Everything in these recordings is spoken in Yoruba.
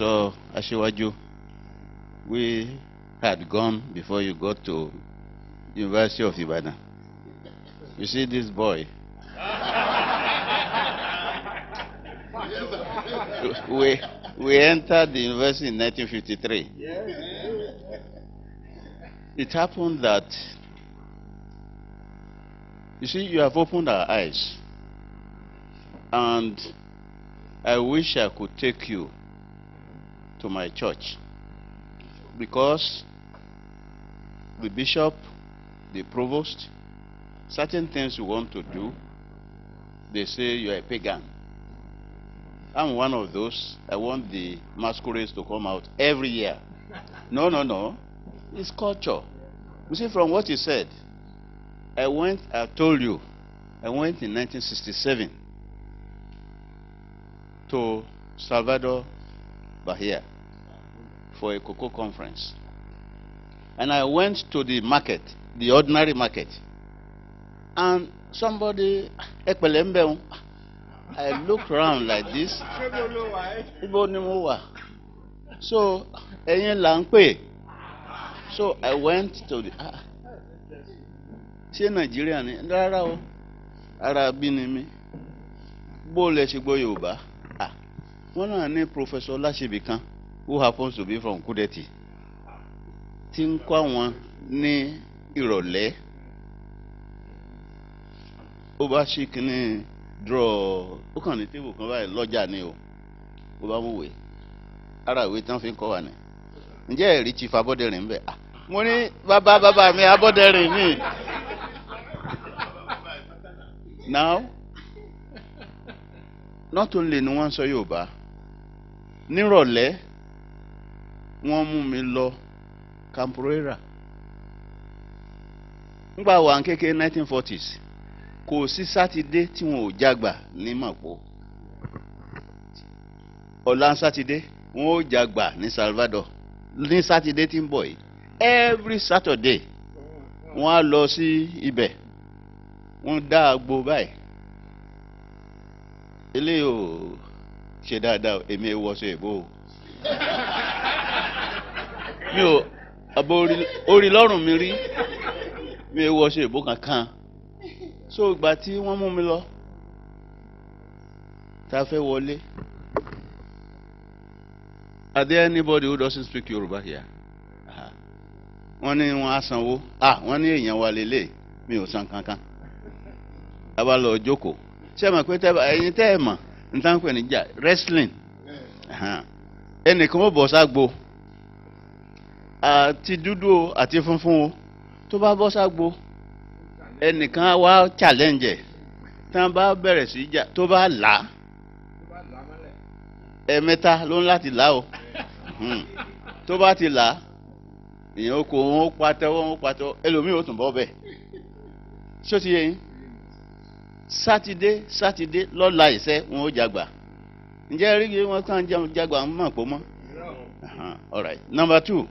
saw Ashiwaju, we had gone before you got to University of Ibadan. You see this boy. we, we entered the university in 1953. It happened that, you see, you have opened our eyes. And I wish I could take you to my church because the bishop, the provost, certain things you want to do, they say you are a pagan. I'm one of those. I want the masquerades to come out every year. No, no, no. It's culture. You see, from what he said, I went, I told you, I went in 1967 to Salvador Bahia. for a cocoa conference. And I went to the market, the ordinary market. And somebody, I look around like this. So, so I went to the. Ah, ṣé nàìjíríà ni rárá o ara ah wọ́n náà professor láṣẹbì kan who happens to be from Kudeti? tí ń kọ́ àwọn ní ìrọ̀lẹ́ ó bá ṣí kínní draw ó kàn ní tébù kan báyìí lọ́jà ni o ó bá mú wèé ara ìwé tí wọ́n fi ń kọ́ wa ni ǹjẹ́ ẹ̀rí ti fa abọ́dẹ̀rìn bẹ́ẹ̀ ah mo ní bàbá bàbá mi abọ́dẹ̀rìn mi now not only ni wọ́n ń sọ Yorùbá nírọ̀lẹ́ wọ́n mú mi lọ Camporera nígbà wà ń kékeré 1940s kò sí sátidé tí wọn ò jágbà ní Màpó ọ̀la sátidé wọn ò jágbà ní Salvador ní sátidé tí ń bọ̀ yìí every Saturday wọ́n á lọ sí ibẹ̀ wọ́n dá agbo báyìí eléyìí ò ṣe dáadáa èmi ẹ wọ ṣe mi ò àbò orí lọ́rùn mi rí mi ò wọṣọ ìbò kankan so ìgbà tí wọ́n mú mi lọ tá fẹ́ wọlé are there anybody who doesn't speak Yoruba here wọ́n ní wọ́n á sanwó ah wọ́n ní èèyàn wa lélẹ̀ mi ò san kankan a bá lọ jókòó ṣé ẹ mọ̀ pé ẹ̀yin tẹ́ ẹ mọ̀ n tán pè ní wrestling ẹnìkan ó bọ̀ ságbo àti dúdú o àti funfun o tó bá bọ́ ságbo ẹnìkan wá challenge tán bá bẹ̀rẹ̀ sí jà tó bá là á ẹ̀ẹ̀mẹ́ta ló ń láti là o hmm. tó bá ti là á èèyàn ó kó wọn ó patẹ́wọ́ wọn ó patẹ́wọ́ ẹlòmíì ó tún bọ́ bẹ́ẹ̀ ṣó ti yẹ yín sátidé sátidé lọ́la ìṣẹ́ wọn ó jagbà ǹjẹ́ rí i wọn kàn jẹun ń mọ̀ pọ̀ mọ́ number two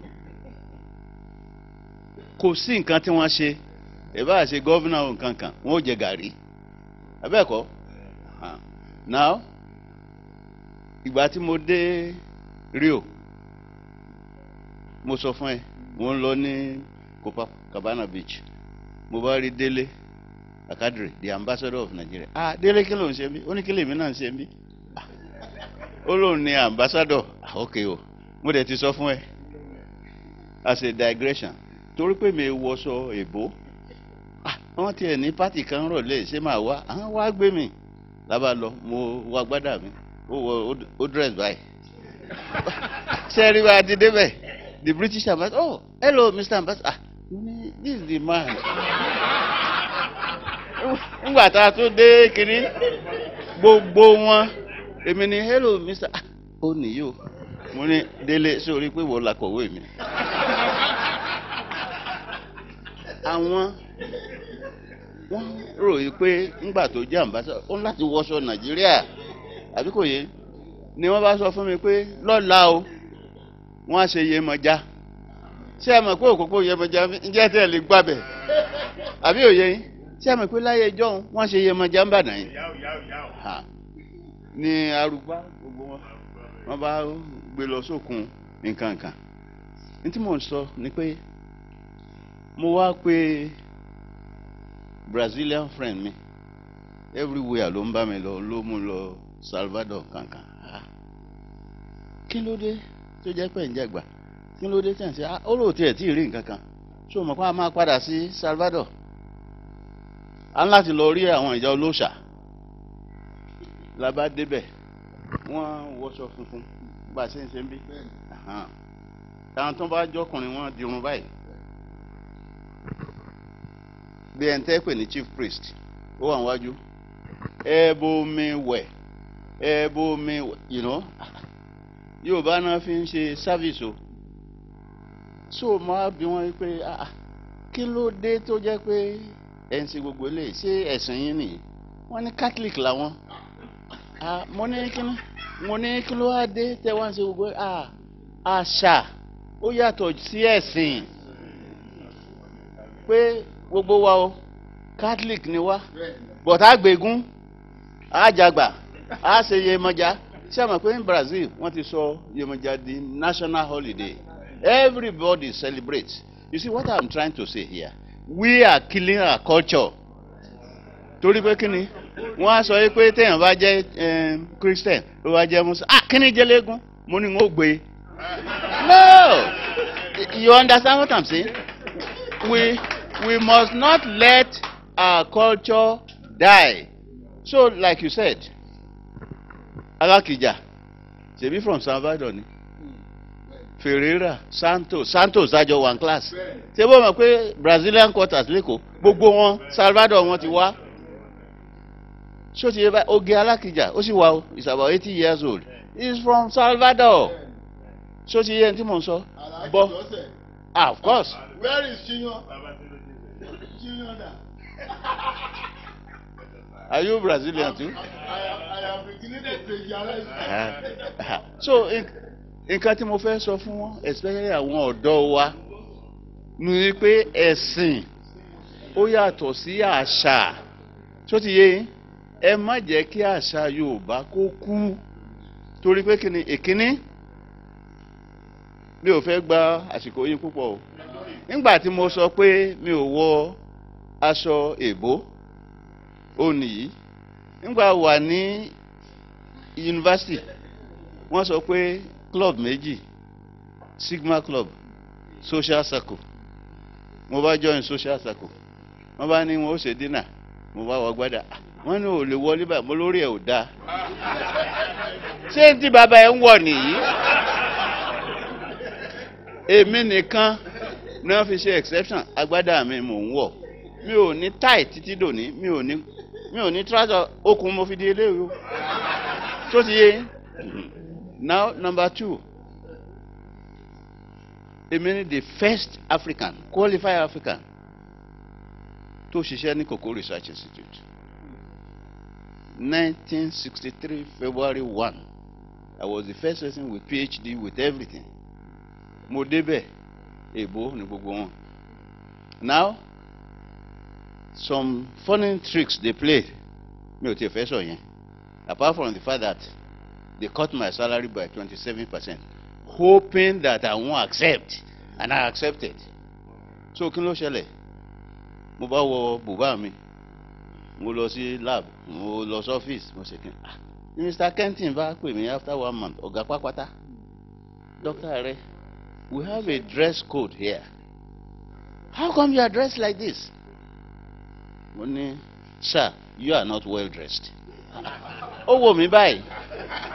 kò sí nǹkan tí wọ́n ṣe ìbá ṣe gọ́vnà nǹkan kan wọ́n ò jẹ gàrí abẹ́ẹ̀kọ́ ah. now ìgbà tí mo dé Rio mo sọ fún ẹ mo lọ ní Copacabana beach mo bá rí Délé Akadre the ambassador of Nigeria ah Délé kí ló ń ṣe mí ó ní kí lèmi náà ń ṣe mí ó lóun ni ambassador ah ok o mo dẹ̀ ti sọ fún ẹ as a digression torí pé mi wọṣọ èbó ah, wọ́n tiẹ̀ ní pátì kan rọ̀lẹ́ ṣé máa wá àwọn wá gbé mi lábàá lọ mo wá gbádà mi ó wọ ó dress báyìí ṣe rí ti débẹ̀ the British ambassador oh hello Mr. ambassador ah this is the man ngbà tá a tún dé kiri gbogbo wọn èmi ni hello Mr. ah ó nìyí o mo ní délé sórí pé wo la kọ̀wé mi. àwọn wọ́n rò yí pé ńgbà tó jẹ́ ambassador láti wọṣọ nàìjíríà àbí kò yé ni wọ́n bá sọ fún mi pé lọ́la o wọ́n á ṣe Yemọja ṣé ẹ mọ̀ pé òkòkò Yemọja ń tẹ̀ lè gbàbẹ̀ àbí òye yín ṣé ẹ mọ̀ pé láyé ìjọ́un wọ́n ṣe Yemọja ń gbogbo wọn bá gbé lọ sókun nǹkan ní tí mò ń sọ mo wá pé Brazilian friend mi everywhere ló ń bá mi lọ ló mú lọ Salvador kankan ah kí ló dé tó jẹ́ pé ń jẹ̀gbà kí ló dé tẹ̀sí ah ó lóòótọ́ ẹ̀ tí ì rí nǹkan ṣó mọ̀ pé a máa padà sí Salvador a ń láti lọ rí àwọn ìjà olóòṣà la bá débẹ̀ wọ́n wọṣọ funfun bá a ṣe ń ṣe ń bí táwọn tó bá jọkùnrin wọn dirun báyìí bí ẹni tẹ́ pè ní chief priest ó wà níwájú ẹ bomi wẹ̀ ẹ you know yorùbá náà fi ń ṣe service o so máa bí wọ́n pé ah, ah, kí ló dé tó jẹ́ pé ẹ̀ ń gbogbo eléyìí ṣé ẹ̀sìn yín nìyí wọ́n ní catholic làwọn ah, mo ní kíni mo ní kí ló wá dé tẹ́ wá ń ṣe gbogbo àṣà ó yàtọ̀ sí ẹ̀sìn pé gbogbo wa o catholic ni wa but àgbègún àjàgbà a ṣe Yemọja ṣé àmọ̀ pé ní Brazil wọ́n ti sọ Yemọja di national holiday everybody celebrates you see what i'm trying to say here we are killing our culture torí pé kíni wọ́n á sọ pé téèyàn bá jẹ́ eh, christian ló bá jẹ́ musa ah kíni jẹ́lẹ́gún mo ní wọ́n gbé no you understand what i'm saying we we must not let our culture die. So, like you said, Alakija, be from Salvador ni. Ferreira, Santos, Santos dájọ́ one class. Ṣé bó mọ̀ Brazilian quarters lẹ́kọ̀ọ́ gbogbo wọn Salvador wọn ti wá. Ṣó ti yẹ Oge Alakija ó sì he's about eighty years old. He's from Salvador. So ti yẹ ẹni tí ah, of course. Where is Chiyan? Are you Brazilian too? I am beginning to plagiarize. So nǹkan tí mo fẹ́ sọ fún wọn especially àwọn ọ̀dọ́ wa ni pé ẹ̀sìn ó yàtọ̀ sí àṣà tó ti yé yín ẹ má jẹ́ kí àṣà Yorùbá kó kú torí pé kíni ìkíní mi ò fẹ́ gba àsìkò yín púpọ̀ o nígbà tí mo sọ pé mi ò wọ aṣọ èbó òní yìí nígbà wà ní yunifásitì wọ́n sọ pé club méjì sigma club social circle mo bá join social circle wọ́n bá ní wọn ó ṣe dínà mo bá wọ gbádà wọ́n ní ò lè wọlé báyìí mo lórí ẹ̀ ò dáa ṣé tí bàbá ẹ̀ ń wọ̀ nìyí èmi nìkan ni fi ṣe exception agbádá mi mò ń wọ̀ mi ò ní táì títí dòní mi ò ní mi ò ní tíráṣà okùn mo fi di eléyìí o tó ti yé now number two èmi ni the first African qualified African tó ṣiṣẹ́ ní Cocoa Research Institute nineteen sixty three February one I was the first person with PhD with everything mo débẹ̀ èbó ni gbogbo wọn now some funny tricks they play Me ò tiẹ̀ fẹ́ sọ yẹn apart from the fact that they cut my salary by twenty-seven percent hoping that I won't accept and I accepted so kí ló ṣẹlẹ̀ mo bá wọ bùbá mi mo lọ sí lab mo lọ sí ọ́fíìsì mo ṣe kí n ah Mr. Kenton bá pè mí after one month ọ̀gá pápátá dókítà rẹ we have a dress code here how come you are dressed like this mo ní sir you are not well dressed ó wò mí báyìí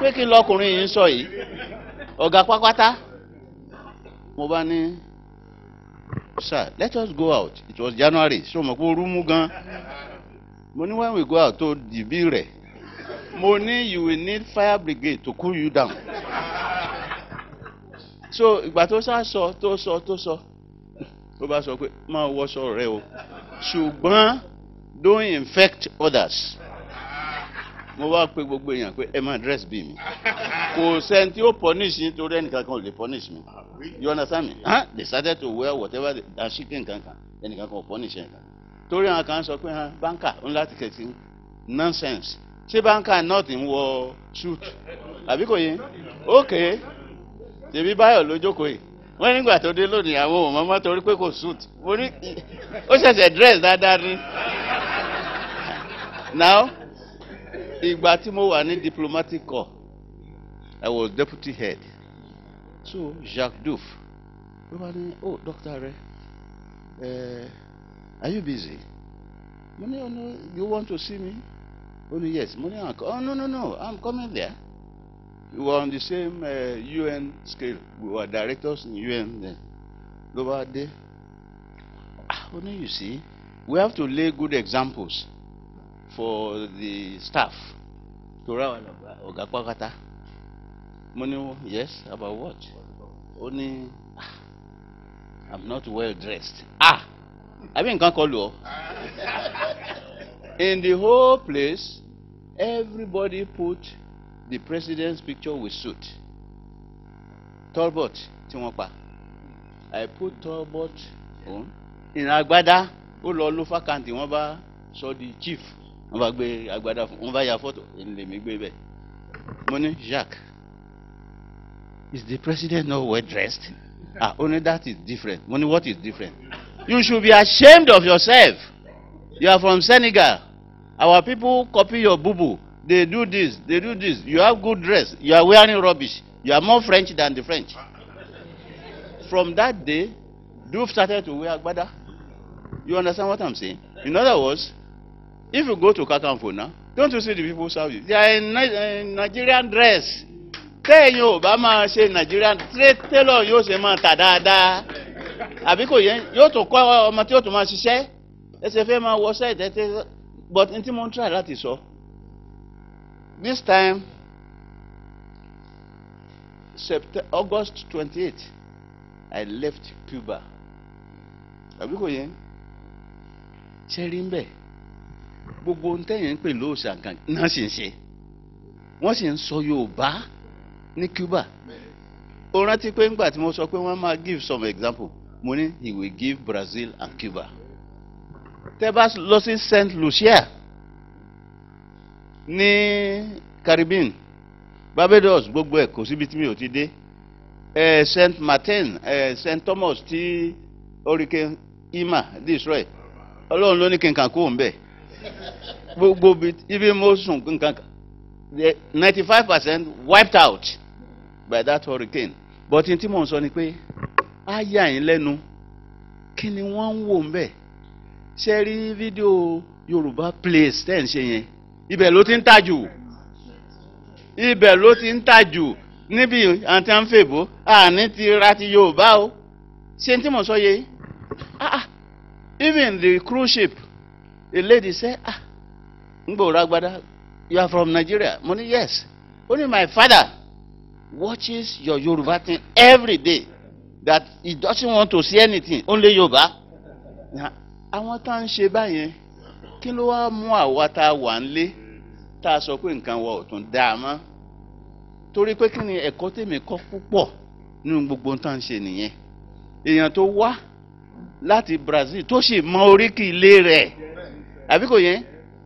pé kí n lọkùnrin yìí ń sọ yìí ọ̀gá pápátá mo bá ní sir let us go out it was january so mo kó rúmú gan mo ní when we go out tó dìbí rẹ̀ mo ní you will need fire brigade to cool you down so ìgbà tó sá sọ tó sọ tó sọ tó bá sọ pé máa wọṣọ rẹ o ṣùgbọ́n. don't infect others mo wá pé gbogbo èèyàn pé ẹ máa dress bí mi kò sẹ́ni tí ó punish nítorí ẹnìkan kan ò lè punish me, you understand me huh? they started to wear whatever they are shikin kankan ẹnìkan kan ò punish ẹnìkan torí àwọn kan sọ pé ha, ah, báńkà ń láti kẹ̀sí nonsense ṣé banka not ń wọ suit àbí kò yé ok tèmi báyọ̀ ló jókòó yìí wọ́n nígbà tó dé lónìí àwọn ò mọ́mọ́ torí pé kò suit mo ní ó ṣẹ̀ṣẹ̀ dress dáadáa ni. now in tí I wà ní diplomatic corps i was deputy head so Jacques Diouf oh doctor uh, are you busy oh, you want to see me ó yes mo ah, oh no no no i'm coming there we were on the same uh, eh, UN scale we were directors in UN then ló bá dé ah you see we have to lay good examples. for the staff to round ọ̀gá pákátá mo ní yes about what ó ní ah, i'm not well dressed ah àbí nǹkan kọ lù ọ in the whole place everybody put the president's picture with suit talbot tí wọ́n pa i put talbot on ìrìn àgbádá ó lọ ló fákàǹtì wọ́n bá sọ di chief wọ́n bá gbé agbádá fún wọ́n bá ya fọ́tò lèmi gbé bẹ́ẹ̀ mo ní Jacques is the president not well dressed ah only that is different mo ní what is different you should be ashamed of yourself you are from Senegal our people copy your bubu they do this they do this you have good dress you are wearing rubbish you are more French than the French from that day Doof started to wear agbada you understand what I'm saying in other words If you go to Kakanfo now, don't you see the people serving? They are in, in eh, Nigerian dress. Tell you Obama say Nigerian tailor yóò you máa tà dáadáa. Àbí da. yẹn yóò tún kọ́ ọmọ tí yóò tún máa ṣiṣẹ́. Ẹsẹ̀ fẹ́ máa wọ ṣẹ́ẹ̀ tẹ́tẹ́ but n Montreal, that is all. This time September, August 28, eight I left Cuba. Àbí kò yẹn ṣe rí gbogbo ntẹ̀yìn ń pè lóòṣà kan náà sì ń ṣe wọ́n sì ń sọ Yorùbá ní Cuba ó rántí pé ńgbà tí mo sọ pé wọ́n máa give some example mo ní he will give Brazil and Cuba tẹ́ bá lọ sí Saint Lucia ní Caribbean Barbados gbogbo ẹ̀ kò síbi tí mi ò ti dé eh, Saint Martin eh, Saint Thomas ti hurricane Irma destroy ọlọ́run ló ní kí n kàn kó òun bẹ́ẹ̀ gbogbo bi ibi mo sùn nǹkan kan the ninety five percent wiped out by that hurricane but n tí mò ń sọ ni pé á yà yín lẹ́nu kí ni wọ́n ń wò ń bẹ̀ ṣe rí fídíò Yorùbá place tẹ́ ń ṣe yẹn ibẹ̀ ló ti ń tà jù ibẹ̀ ló ti ń tà jù níbi àti à ń fèbó àní ti ra ti Yorùbá o ṣe n tí mò sọ yẹ ah, ah. even the cruise ship The lady said ah ngbo ragbada you are from Nigeria mo ní yes Only my father watches your Yoruba thing every day that he doesn't want to see anything only Yoruba àwọn tá ń ṣe báyẹn kí ló wá mú àwa tá a wà ń lé tá a sọ pé nǹkan wa ò tún dáa mọ́ torí pé kí ni ẹ̀kọ́ tèmi kọ́ púpọ̀ nínú gbogbo tá à ń ṣe nìyẹn èèyàn tó wá láti Brazil tó sì mọ oríkì ilé rẹ̀ àbí kò yẹ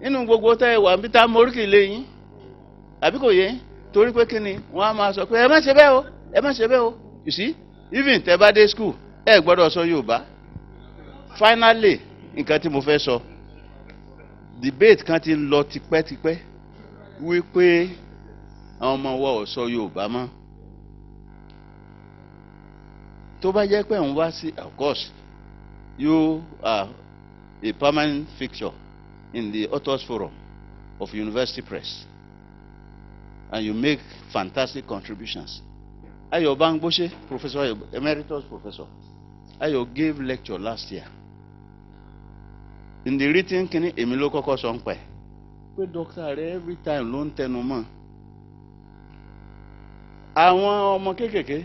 nínú gbogbo tẹ́ ẹ wà bí tá moríkì lé yín àbí kò yẹ torí pé kí ni wọ́n á máa sọ pé ẹ má ṣe bẹ́ẹ̀ o ẹ má ṣe bẹ́ẹ̀ o you see even tẹ́ bá dé school ẹ gbọ́dọ̀ sọ Yorùbá finally nǹkan tí mo fẹ́ sọ debate kan ti ń lọ tipẹ́tipẹ́ wípé àwọn ọmọ wa ò sọ Yorùbá mọ́ tó bá jẹ́ pé òun wá sí of course you are a permanent fixture in the Authors Forum of University Press and you make fantastic contributions. Ayo Bangboshe, Professor Ayo, Emeritus Professor, Ayo gave lecture last year. In the written kini èmi ló kọ́kọ́ sọ ń pẹ́ pé dókítà rẹ every time ló ń tẹnu mọ́ àwọn ọmọ kéékèèké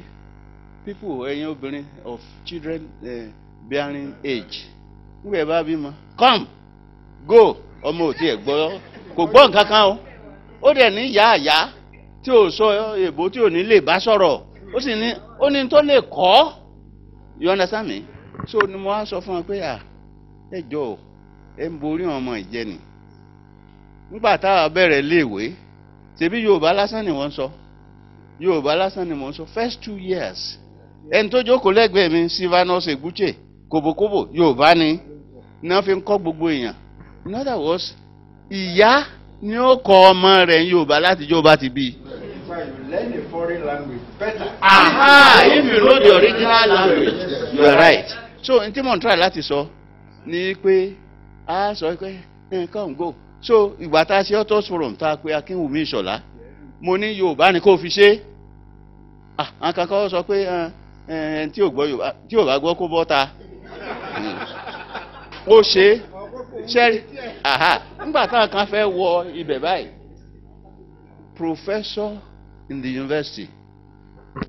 people ẹ̀yin obìnrin of children uh, bearing age ń gbé bá bímọ come go ọmọ òtí ẹ̀ gbọ́ kò gbọ́ nǹkan kan o ó dẹ̀ ní yá àyá tí ò sọ èbó tí ò ní lè bá sọ̀rọ̀ ó sì ní ó ní tó lè kọ́ you understand me so ni mo wá sọ fún ọ pé à ẹ jọ o ẹ ń borí ọmọ ìjẹni nígbà táwa bẹ̀rẹ̀ léèwé ṣebí Yorùbá lásán ni wọ́n sọ Yorùbá lásán ni wọ́n sọ first two years ẹni tó jókòó lẹ́gbẹ̀ẹ́ mi Silvanus Eguche kòbókòbó Yorùbá ni ni wọ́n fi ń kọ́ gbogbo èèyàn in other words ìyá ni ó kọ ọmọ rẹ̀ ní yorùbá láti jó bá ti bí. learn a foreign language better. aha if you know the original language you are right. so n tí mò ń try láti sọ ni pé a sọ pé come go so ìgbà tá a ṣe autos forum tá a pe akínwùmí ìṣọ̀lá mo ní yorùbá ni kò fi ṣe ah àwọn kan kọ́ sọ pé tí ò gbọ́ yorùbá tí ò bá gbọ́ kó bọ́ ta ó ṣe ṣẹ́rí. aha nígbà kan fẹ́ wọ ibẹ̀ báyìí professor in the university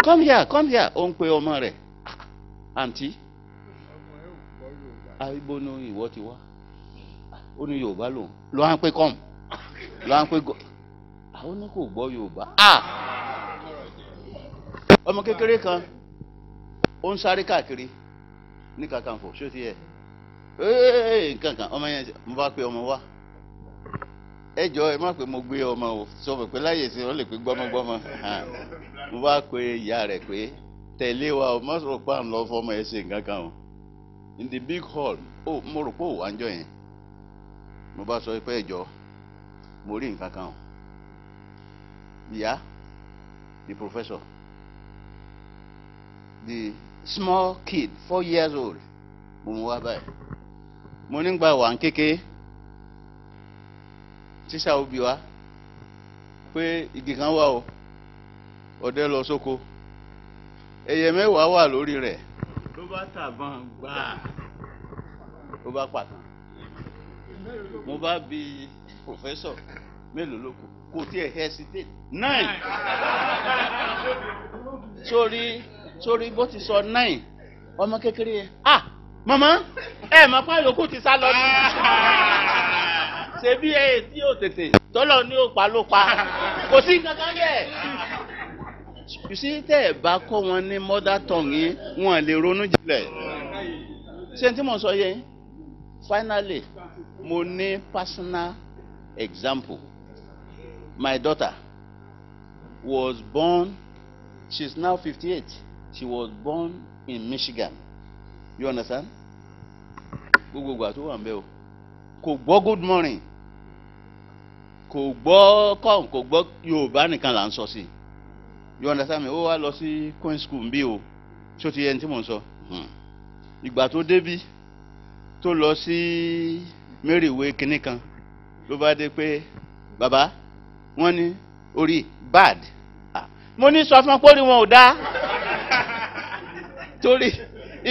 come here come here o n pe ọmọ rẹ̀ àǹtí àìbónú ìwọ ti wa o ni yorùbá lòun ló wá pe pé come ló wá pe go àwọn ní kò gbọ́ yorùbá ọmọ kékeré kan ó ń sáré káàkiri ní kàkànfò ṣó ti yẹ. kankan pe wa ẹ má mo gbé ọmọ o sọ pé láyè sí ọ lè pe gbọmọgbọmọ mo bá pe ìyá rẹ pé wa o má sọ̀rọ̀ pé à ń lọ fọmọ ẹ ṣe nǹkan kan o in the big hall o mo rò pé òwà ń jọ yẹn mo bá sọ pé mo rí nǹkan kan o ìyá the professor the small kid four years old mo mú wá mo nígbà wà ń kéke tíṣà òbí wa pé igi kan wà o ọdẹ lọ sóko ẹyẹ mẹ́wàá wà lórí rẹ̀ ló bá tàbọn gbà ló bá pàtàn mo bá bi pòfẹ́sọ̀ mélòó ló kù kò tiẹ̀ hesitate nine sórí sórí bó ti sọ nine ọmọ kékeré yẹn ah. Mama, ẹ mọ̀ pa yòókù ti sá lọ ní. ṣebí ẹ tí yóò tètè tọ́lọ̀ ní òpá ló pa kò sí kankan bẹ́ẹ̀. you see tẹ́ ẹ̀ bá kọ́ wọn ní mother tongue yín wọn lè ronú jinlẹ̀. ṣé tí mo sọ yẹn finally mo ní personal example my daughter was born She is now fifty eight she was born in Michigan you understand gbogbo ìgbà wà ń bẹ o kò gbọ́ good morning kò gbọ́ kọ́ọ̀n kò gbọ́ yorùbá nìkan là ń sọ sí you understand me? ó wá lọ sí queen school bí o tí ó ti yẹ ní tí mò ń sọ hmm. ìgbà tó débí tó lọ sí mary way kinní kan ló bá dé pé bàbá wọ́n ní orí bad ah, mo ní sọ fún ọ pé orí wọn ò dáa torí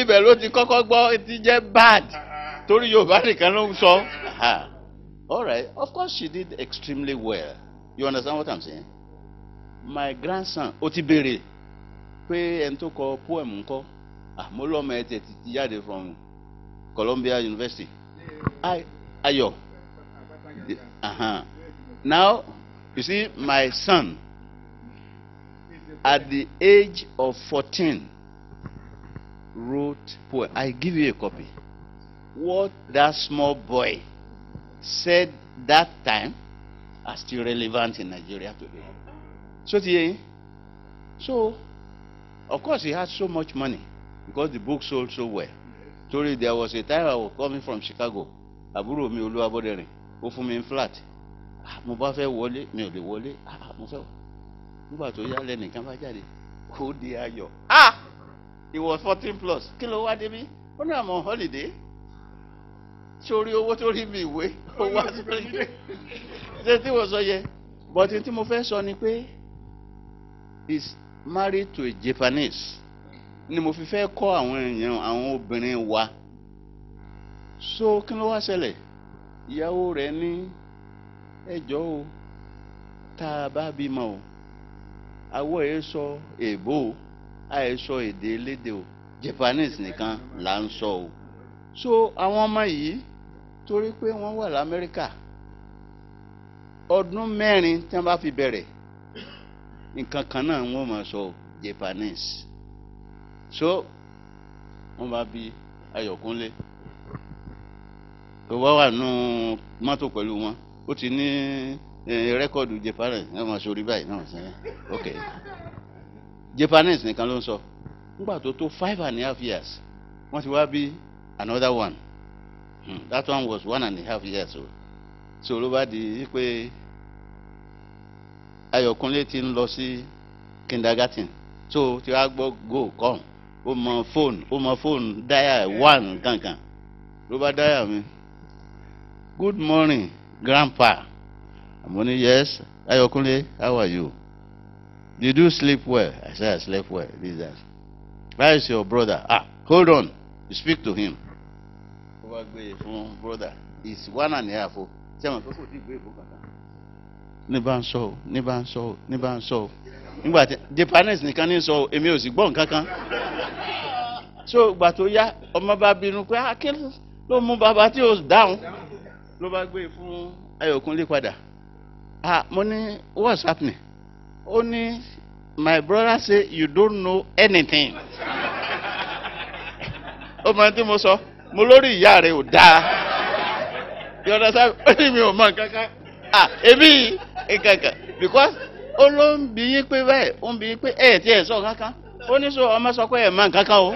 ibẹ̀ ló ti kọ́kọ́ gbọ́ ti jẹ́ bad torí yorùbá nìkan ló ń sọ. all right of course she did extremely well you understand what i'm saying my grandson ó ti béèrè pé ẹni tó kọ poem ńkọ́ ah, mo lọ́mọ ẹ̀ tẹ̀ ti jáde from Columbia University ayọ̀ uh-huh. now you see my son at the age of fourteen wrote poem. I give you a copy. What that small boy said that time are still relevant in Nigeria today. So, the, so of course, he had so much money because the book sold so well. Torí there was a time I was coming from Chicago. Àbúrò mi Olúwabọ́dẹ̀rìn ó fún mi flat. Ah, mo bá fẹ́ wole mi ò lè wọlé. Ah, mo fẹ́ wọ. Nígbà tó yá lẹ́nìkan bá jáde, ó di ayọ̀. Ah! he was fourteen plus kí ló wá débi ó ní àmọ́ holiday sórí owó tó rí mi ìwé ó wá sórí ṣé tí mo sọ yẹ but tí mo fẹ́ sọ ni pé is married to a Japanese ni mo fi fẹ́ kọ́ àwọn èèyàn àwọn obìnrin wa so kí ló wá ṣẹlẹ̀ ìyàwó rẹ̀ ní ẹjọ́ o tá a bá bímọ o àwọ̀ ẹ̀ sọ èbó o àìsọ èdè elédè o Japanese nìkan là ń sọ o so àwọn ọmọ yìí torí pé wọ́n wà l'Amẹ́ríkà ọdún mẹ́rin tí wọ́n bá fi bẹ̀rẹ̀ nǹkan kan náà wọ́n máa sọ Japanese so wọ́n bá bí Ayọ̀kúnlé tó wá wà nù mọ́tò pẹ̀lú wọn ó ti ní eh, rẹ́kọ̀dù Japanese wọ́n máa sọ orí báyìí náà sẹ́yìn ok japanese nìkan ló ń sọ nígbà tó tó five and a half years wọ́n ti wá bí another one hmm. that one was one and a half years old so ló bá di pé ayọ̀kúnlé ti ń lọ sí kindergarten so tí wàá gbọ́ go come ó mọ fóònù ó mọ fóònù dáyà one kankan ló bá dáyà mi good morning grandpa àmọ́ ní yes ayọ̀kúnlé how are you. Did you sleep well? I said, I slept well. This, that. Where is your brother? Ah, hold on. You speak to him. Brother, it's one and a half. Oh. ní bá ń sọ o ní bá ń sọ o ní bá ń sọ o nígbà tí japanese nìkan ní sọ o èmi ò sì gbọ́ nǹkan so ìgbà tó yá ọmọ bá bínú pé ah, kí ló mú bàbá tí ò dáhùn ló bá gbé e fún Ayọ̀kúnlé padà ah mo ní what's happening o my brother say you don't know anything. o ma n tey mo so lori iyare uda o di oda say peri kaka ah ebi ikaka because o lo n biyi pe well o n biyi pe 8 years o kaka o ni so o maso kwee ya ma kaka o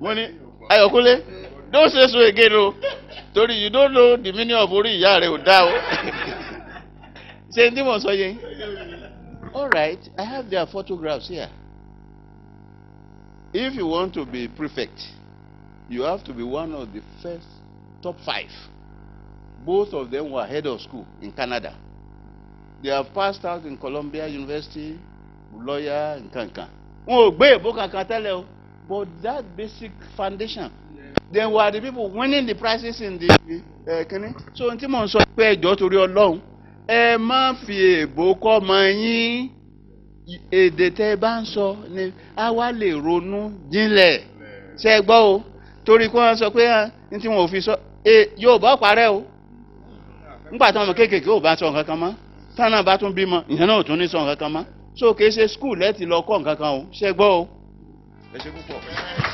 mo ni ayokule no say so ego lo tori you don't know the meaning of mori iyare uda o ṣe ní mò sọ yẹn all right I have their photographs here if you want to be prefect you have to be one of the first top five both of them were head of school in Canada they have passed out in Columbia University lawyer in nkankan wọn ò gbé èbó kankan tẹ́lẹ̀ o but that basic foundation then were the people winning the prizes in the uh, eh, kini so n tí mò ń sọ pé ẹjọ́ torí Ọlọ́run ẹ má fi èbó kọ́ ọmọ yín èdè tẹ́ ẹ bá ń sọ ni a wá lè ronú jinlẹ̀ ṣe o torí kí wọ́n sọ pé ha, ah, tí wọn ò fi sọ e, yóò bá parẹ́ o nígbà tí ọmọ kéékèèké ò bá sọ nǹkan kan mọ́ tánà bá tún bímọ ìyẹn náà ò tún ní sọ nǹkan so kì í ṣe skul lọ kọ́ nǹkan o ṣe o. ẹ ṣe